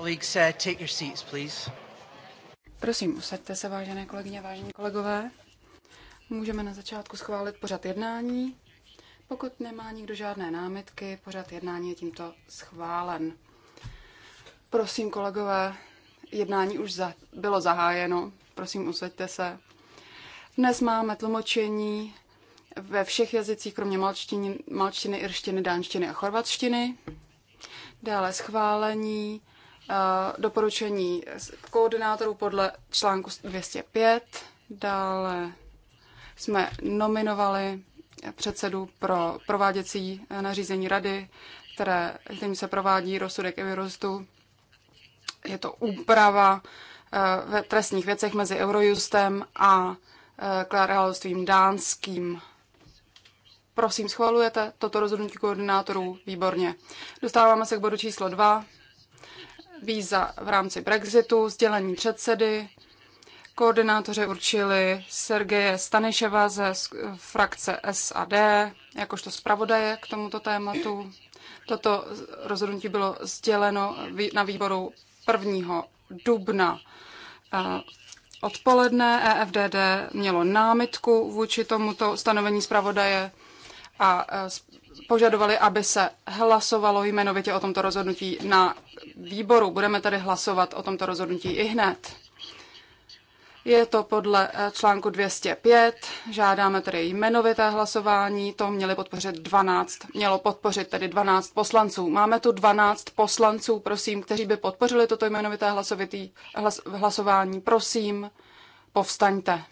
Uh, Prosím, usaďte se, vážené kolegyně, vážení kolegové. Můžeme na začátku schválit pořad jednání. Pokud nemá nikdo žádné námitky, pořad jednání je tímto schválen. Prosím, kolegové, jednání už za, bylo zahájeno. Prosím, usaďte se. Dnes máme tlumočení ve všech jazycích, kromě malčtiny, malčtiny irštiny, dánštiny a chorvatštiny. Dále schválení doporučení koordinátorů podle článku 205. Dále jsme nominovali předsedu pro prováděcí nařízení rady, které, kterým se provádí rozsudek Eurojustu. Je to úprava eh, ve trestních věcech mezi Eurojustem a eh, královstvím dánským. Prosím, schvalujete toto rozhodnutí koordinátorů? Výborně. Dostáváme se k bodu číslo 2 víza v rámci Brexitu, sdělení předsedy. Koordinátoři určili Sergeje Staniševa ze frakce SAD jakožto zpravodaje k tomuto tématu. Toto rozhodnutí bylo sděleno na výboru 1. dubna eh, odpoledne. EFDD mělo námitku vůči tomuto stanovení zpravodaje a eh, požadovali, aby se hlasovalo jmenovitě o tomto rozhodnutí na výboru. Budeme tady hlasovat o tomto rozhodnutí i hned. Je to podle eh, článku 205. Žádáme tedy jmenovité hlasování. To měli podpořit 12, mělo podpořit tedy 12 poslanců. Máme tu 12 poslanců, prosím, kteří by podpořili toto jmenovité hlasovitý, hlas, hlasování. Prosím, povstaňte.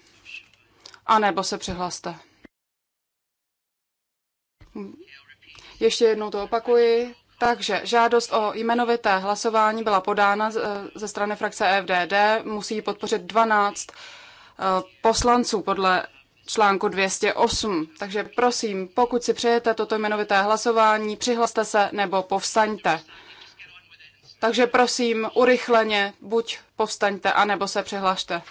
A nebo se přihlaste. Hm. Ještě jednou to opakuji. Takže žádost o jmenovité hlasování byla podána ze strany frakce FDD. Musí podpořit 12 eh, poslanců podle článku 208. Takže prosím, pokud si přejete toto jmenovité hlasování, přihlaste se nebo povstaňte. Takže prosím, urychleně buď povstaňte, anebo se přihlašte.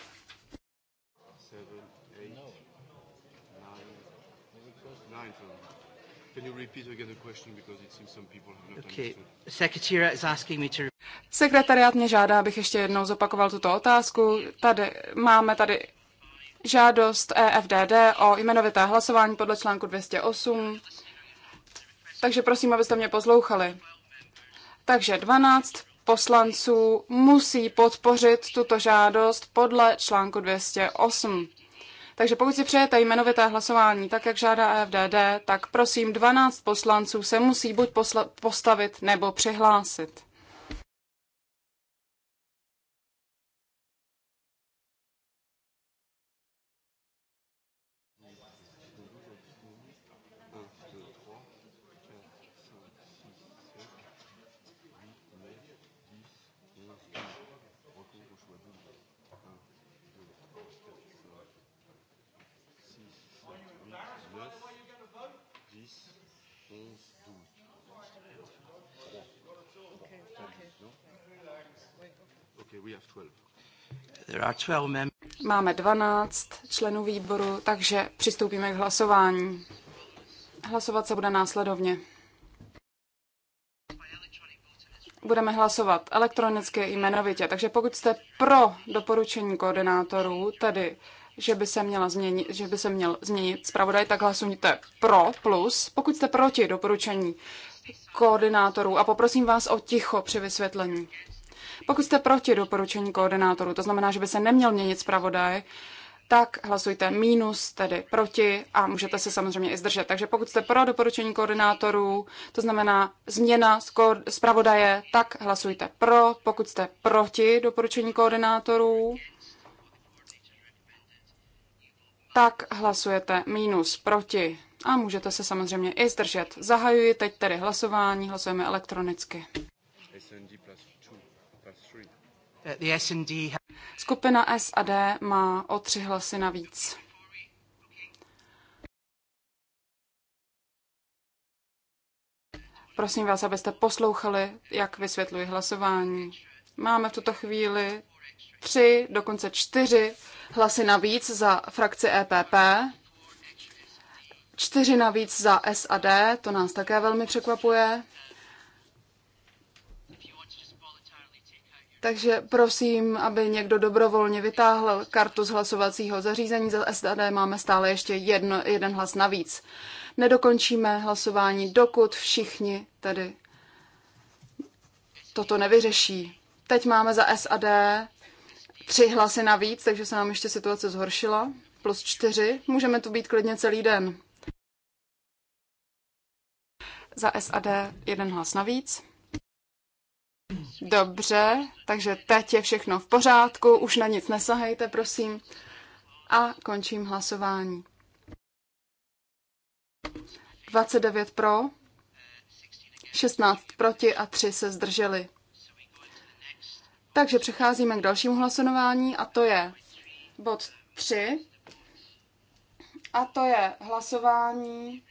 Sekretariát mě žádá, abych ještě jednou zopakoval tuto otázku. Tady máme tady žádost EFDD o jmenovité hlasování podle článku 208. Takže prosím, abyste mě poslouchali. Takže 12 poslanců musí podpořit tuto žádost podle článku 208. Takže pokud si přejete jmenovité hlasování, tak jak žádá e FDD, tak prosím 12 poslanců se musí buď posla- postavit nebo přihlásit. Máme 12 členů výboru, takže přistoupíme k hlasování. Hlasovat se bude následovně. Budeme hlasovat elektronicky i jmenovitě, takže pokud jste pro doporučení koordinátorů, tedy že by se, měla změnit, že by se měl změnit zpravodaj, tak hlasujte pro plus. Pokud jste proti doporučení koordinátorů a poprosím vás o ticho při vysvětlení. Pokud jste proti doporučení koordinátoru, to znamená, že by se neměl měnit zpravodaj, tak hlasujte mínus tedy proti a můžete se samozřejmě i zdržet. Takže pokud jste pro doporučení koordinátorů, to znamená změna zpravodaje, tak hlasujte pro. Pokud jste proti doporučení koordinátorů, tak hlasujete mínus proti a můžete se samozřejmě i zdržet. Zahajuji teď tedy hlasování, hlasujeme elektronicky. SND plus two. Skupina SAD má o tři hlasy navíc. Prosím vás, abyste poslouchali, jak vysvětluji hlasování. Máme v tuto chvíli tři, dokonce čtyři hlasy navíc za frakci EPP, čtyři navíc za SAD, to nás také velmi překvapuje. Takže prosím, aby někdo dobrovolně vytáhl kartu z hlasovacího zařízení. Za SAD máme stále ještě jedno, jeden hlas navíc. Nedokončíme hlasování, dokud všichni tedy toto nevyřeší. Teď máme za SAD tři hlasy navíc, takže se nám ještě situace zhoršila. Plus čtyři. Můžeme tu být klidně celý den. Za SAD jeden hlas navíc. Dobře, takže teď je všechno v pořádku, už na nic nesahejte, prosím. A končím hlasování. 29 pro, 16 proti a 3 se zdrželi. Takže přecházíme k dalšímu hlasování a to je bod 3. A to je hlasování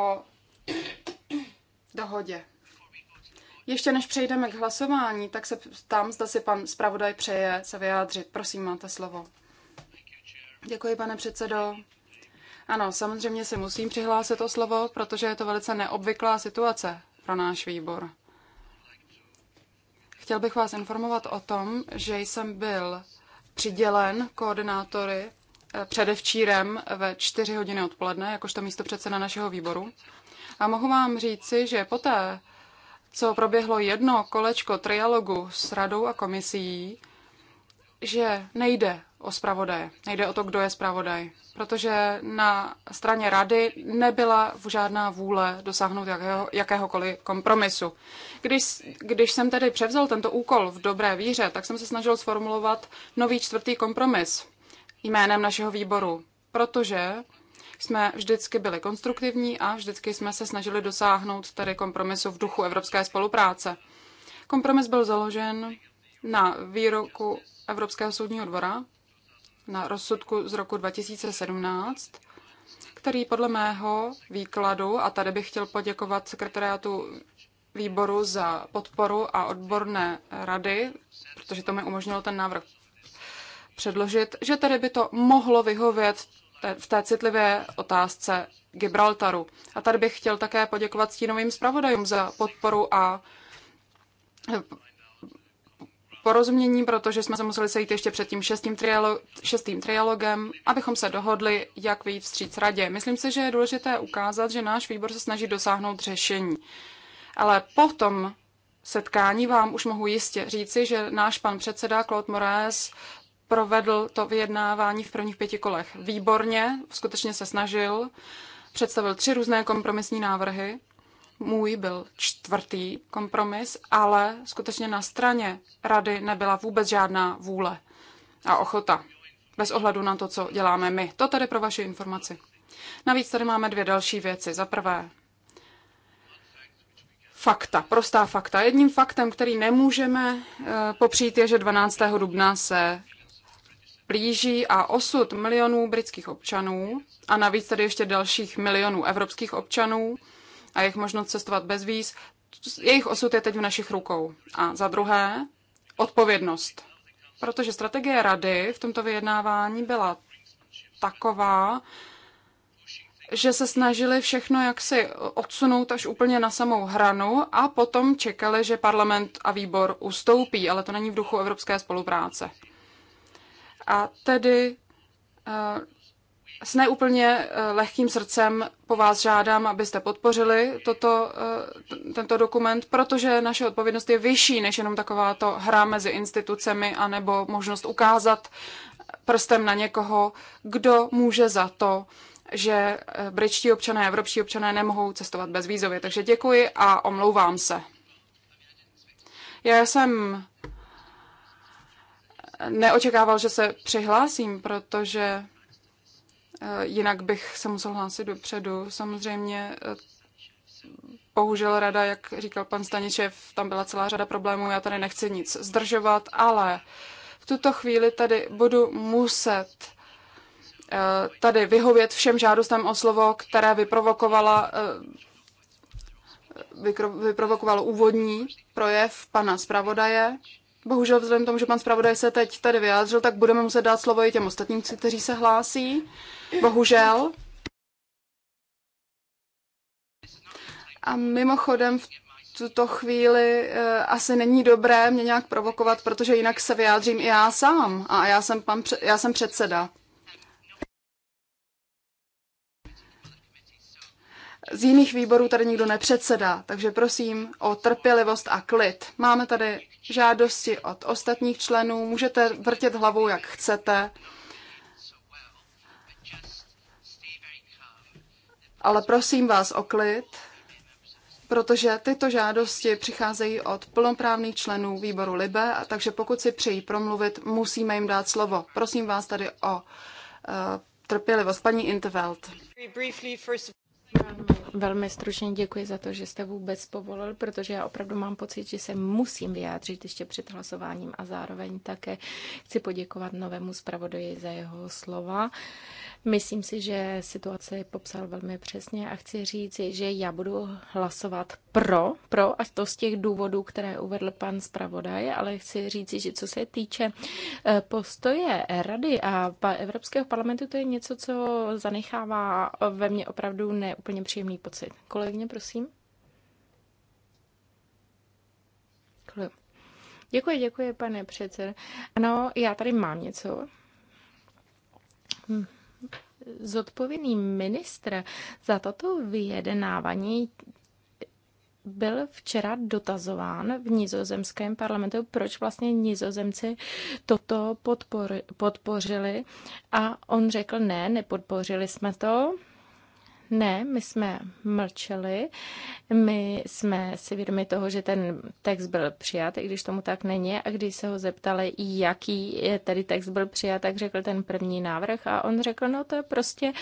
o dohodě. Ještě než přejdeme k hlasování, tak se ptám, zda si pan zpravodaj přeje se vyjádřit. Prosím, máte slovo. Děkuji, pane předsedo. Ano, samozřejmě si musím přihlásit o slovo, protože je to velice neobvyklá situace pro náš výbor. Chtěl bych vás informovat o tom, že jsem byl přidělen koordinátory eh, předevčírem ve čtyři hodiny odpoledne, jakožto místo předseda našeho výboru. A mohu vám říci, že poté, co proběhlo jedno kolečko trialogu s radou a komisí, že nejde o zpravodaje. Nejde o to, kdo je zpravodaj. Protože na straně rady nebyla žádná vůle dosáhnout jakého, jakéhokoliv kompromisu. Když, když jsem tedy převzal tento úkol v dobré víře, tak jsem se snažil sformulovat nový čtvrtý kompromis jménem našeho výboru. Protože jsme vždycky byli konstruktivní a vždycky jsme se snažili dosáhnout tady kompromisu v duchu evropské spolupráce. Kompromis byl založen na výroku Evropského soudního dvora, na rozsudku z roku 2017, který podle mého výkladu, a tady bych chtěl poděkovat sekretariátu výboru za podporu a odborné rady, protože to mi umožnilo ten návrh předložit, že tady by to mohlo vyhovět v té citlivé otázce Gibraltaru. A tady bych chtěl také poděkovat stínovým zpravodajům za podporu a porozumění, protože jsme se museli sejít ještě před tím šestým, trialo- šestým trialogem, abychom se dohodli, jak vyjít vstříc radě. Myslím si, že je důležité ukázat, že náš výbor se snaží dosáhnout řešení. Ale po tom setkání vám už mohu jistě říci, že náš pan předseda Claude Moraes provedl to vyjednávání v prvních pěti kolech výborně, skutečně se snažil, představil tři různé kompromisní návrhy. Můj byl čtvrtý kompromis, ale skutečně na straně rady nebyla vůbec žádná vůle a ochota, bez ohledu na to, co děláme my. To tady pro vaši informaci. Navíc tady máme dvě další věci. Za prvé, fakta, prostá fakta. Jedním faktem, který nemůžeme eh, popřít, je, že 12. dubna se blíží a osud milionů britských občanů a navíc tady ještě dalších milionů evropských občanů a jejich možnost cestovat bez víz, jejich osud je teď v našich rukou. A za druhé, odpovědnost. Protože strategie rady v tomto vyjednávání byla taková, že se snažili všechno jaksi odsunout až úplně na samou hranu a potom čekali, že parlament a výbor ustoupí, ale to není v duchu evropské spolupráce a tedy eh, s neúplně eh, lehkým srdcem po vás žádám, abyste podpořili toto, eh, tento dokument, protože naše odpovědnost je vyšší než jenom takováto hra mezi institucemi anebo možnost ukázat prstem na někoho, kdo může za to, že britští občané, evropští občané nemohou cestovat bez vízově. Takže děkuji a omlouvám se. Já jsem neočekával, že se přihlásím, protože eh, jinak bych se musel hlásit dopředu. Samozřejmě bohužel eh, rada, jak říkal pan Staničev, tam byla celá řada problémů, já tady nechci nic zdržovat, ale v tuto chvíli tady budu muset eh, tady vyhovět všem žádostem o slovo, které vyprovokovala vyprovokoval úvodní projev pana zpravodaje. Bohužel vzhledem k tomu, že pan zpravodaj se teď tady vyjádřil, tak budeme muset dát slovo i těm ostatním, kteří se hlásí. Bohužel. A mimochodem v tuto chvíli e, asi není dobré mě nějak provokovat, protože jinak se vyjádřím i já sám. A já jsem, pan, já jsem předseda. Z jiných výborů tady nikdo nepředsedá, takže prosím o trpělivost a klid. Máme tady žádosti od ostatních členů, můžete vrtět hlavou, jak chcete. Ale prosím vás o klid, protože tyto žádosti přicházejí od plnoprávných členů výboru LIBE, a takže pokud si přejí promluvit, musíme jim dát slovo. Prosím vás tady o uh, trpělivost. Paní Intervelt. Velmi stručně děkuji za to, že jste vůbec povolil, protože já opravdu mám pocit, že se musím vyjádřit ještě před hlasováním a zároveň také chci poděkovat novému zpravodaji za jeho slova. Myslím si, že situaci popsal velmi přesně a chci říct, že já budu hlasovat pro, pro a to z těch důvodů, které uvedl pan zpravodaj, ale chci říct, že co se týče eh, postoje Rady a Evropského parlamentu, to je něco, co zanechává ve mně opravdu neúplně příjemný pocit. Kolegyně, prosím. Děkuji, děkuji, pane předsedo. Ano, já tady mám něco. Hm zodpovědný ministr za toto vyjednávání byl včera dotazován v nizozemském parlamentu, proč vlastně nizozemci toto podpor, podpořili a on řekl ne, nepodpořili jsme to, ne, my jsme mlčeli, my jsme si vědomi toho, že ten text byl přijat, i když tomu tak není. A když se ho zeptali, jaký tedy text byl přijat, tak řekl ten první návrh a on řekl, no to je prostě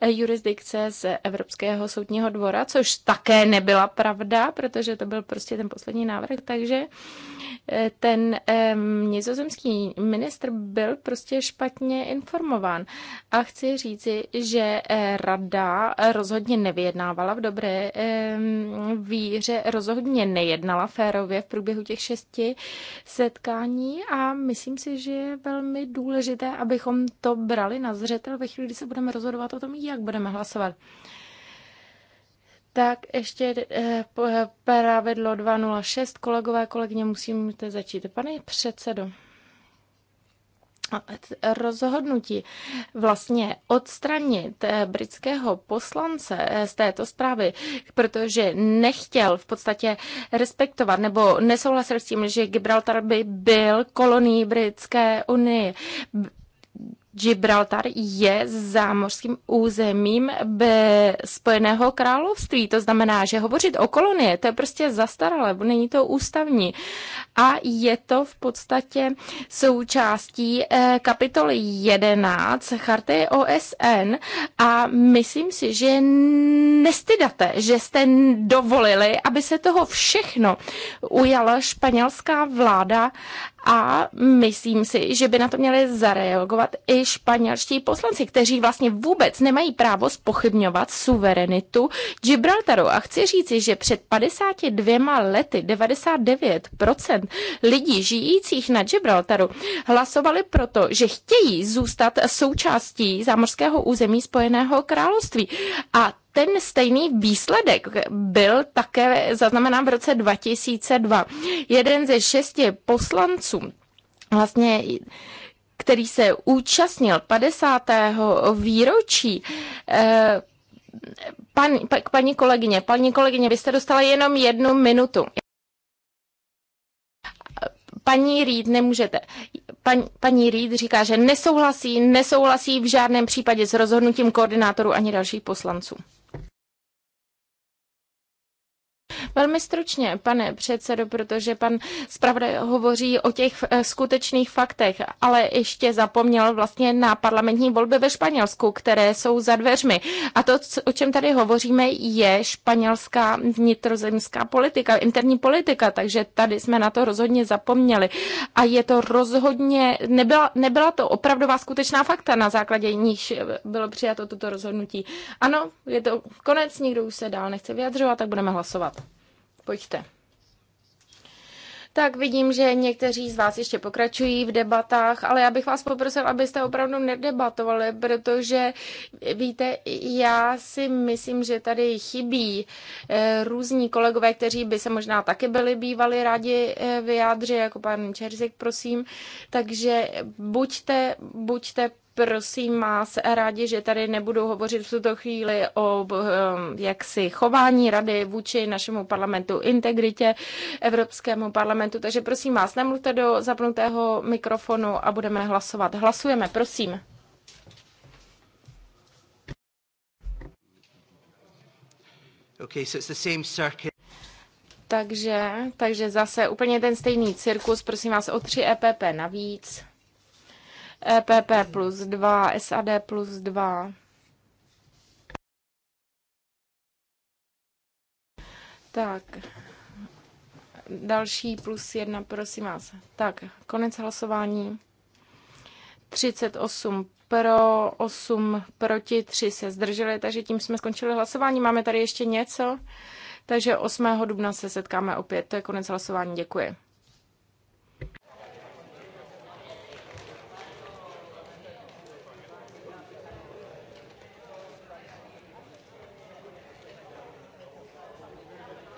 eh, jurisdikce z Evropského soudního dvora, což také nebyla pravda, protože to byl prostě ten poslední návrh, takže eh, ten um, nizozemský ministr byl prostě špatně informován. A chci říci, že rada rozhodně nevyjednávala v dobré víře, rozhodně nejednala férově v průběhu těch šesti setkání a myslím si, že je velmi důležité, abychom to brali na zřetel ve chvíli, kdy se budeme rozhodovat o tom, jak budeme hlasovat. Tak ještě eh, pravidlo 206, kolegové, kolegyně, musíte začít. Pane předsedo, rozhodnutí vlastně odstranit eh, britského poslance eh, z této zprávy, protože nechtěl v podstatě respektovat nebo nesouhlasil s tím, že Gibraltar by byl kolonií Britské unie Gibraltar je zámořským územím Spojeného království. To znamená, že hovořit o kolonie, to je prostě zastaralé, není to ústavní. A je to v podstatě součástí eh, kapitoly 11 charty OSN a myslím si, že nestydate, že jste dovolili, aby se toho všechno ujala španělská vláda a myslím si, že by na to měli zareagovat i španělští poslanci, kteří vlastně vůbec nemají právo spochybňovat suverenitu Gibraltaru. A chci říci, že před 52 lety 99% lidí žijících na Gibraltaru hlasovali proto, že chtějí zůstat součástí zámořského území Spojeného království. A ten stejný výsledek byl také zaznamenán v roce 2002. Jeden ze šesti poslanců vlastně který se účastnil 50. výročí eh, Pan, pa, paní kolegyně, paní kolegyně, vy jste dostala jenom jednu minutu. Paní Reed nemůžete. Pan, paní Reed říká, že nesouhlasí, nesouhlasí v žádném případě s rozhodnutím koordinátorů ani dalších poslanců. Velmi stručně, pane předsedo, protože pan zpravodaj hovoří o těch eh, skutečných faktech, ale ještě zapomněl vlastně na parlamentní volby ve Španělsku, které jsou za dveřmi. A to, o čem tady hovoříme, je španělská vnitrozemská politika, interní politika, takže tady jsme na to rozhodně zapomněli. A je to rozhodně, nebyla, nebyla to opravdová skutečná fakta, na základě níž eh, bylo přijato toto rozhodnutí. Ano, je to konec, nikdo už se dál nechce vyjadřovat, tak budeme hlasovat. Pojďte. Tak vidím, že někteří z vás ještě pokračují v debatách, ale já bych vás poprosil, abyste opravdu nedebatovali, protože víte, já si myslím, že tady chybí eh, různí kolegové, kteří by se možná taky byli bývali rádi eh, vyjádřit, jako pan Čerzik, prosím. Takže buďte, buďte prosím vás rádi, že tady nebudu hovořit v tuto chvíli o um, jaksi chování rady vůči našemu parlamentu, integritě Evropskému parlamentu, takže prosím vás, nemluvte do zapnutého mikrofonu a budeme hlasovat. Hlasujeme, prosím. Okay, so it's the same circuit. Takže, takže zase úplně ten stejný cirkus, prosím vás o tři EPP navíc. EPP plus 2, SAD plus 2. Tak, další plus 1, prosím vás. Tak, konec hlasování. 38 pro, 8 proti, 3 se zdrželi, takže tím jsme skončili hlasování. Máme tady ještě něco, takže 8. dubna se setkáme opět. To je konec hlasování, děkuji.